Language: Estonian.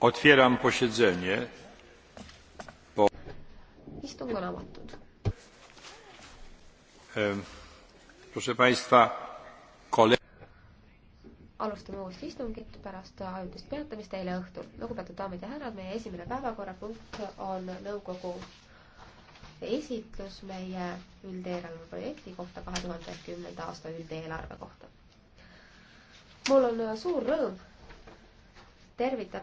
Otwieram posiedzenie. Po... Istung on avatud. Proszę Państwa, kole... alustame uust istungit pärast ajutist peatamist eile õhtul. lugupeetud daamid ja härrad, meie esimene päevakorrapunkt on nõukogu esitlus meie üldeelarve projekti kohta kahe tuhande kümnenda aasta üldeelarve kohta. mul on suur rõõm tervitada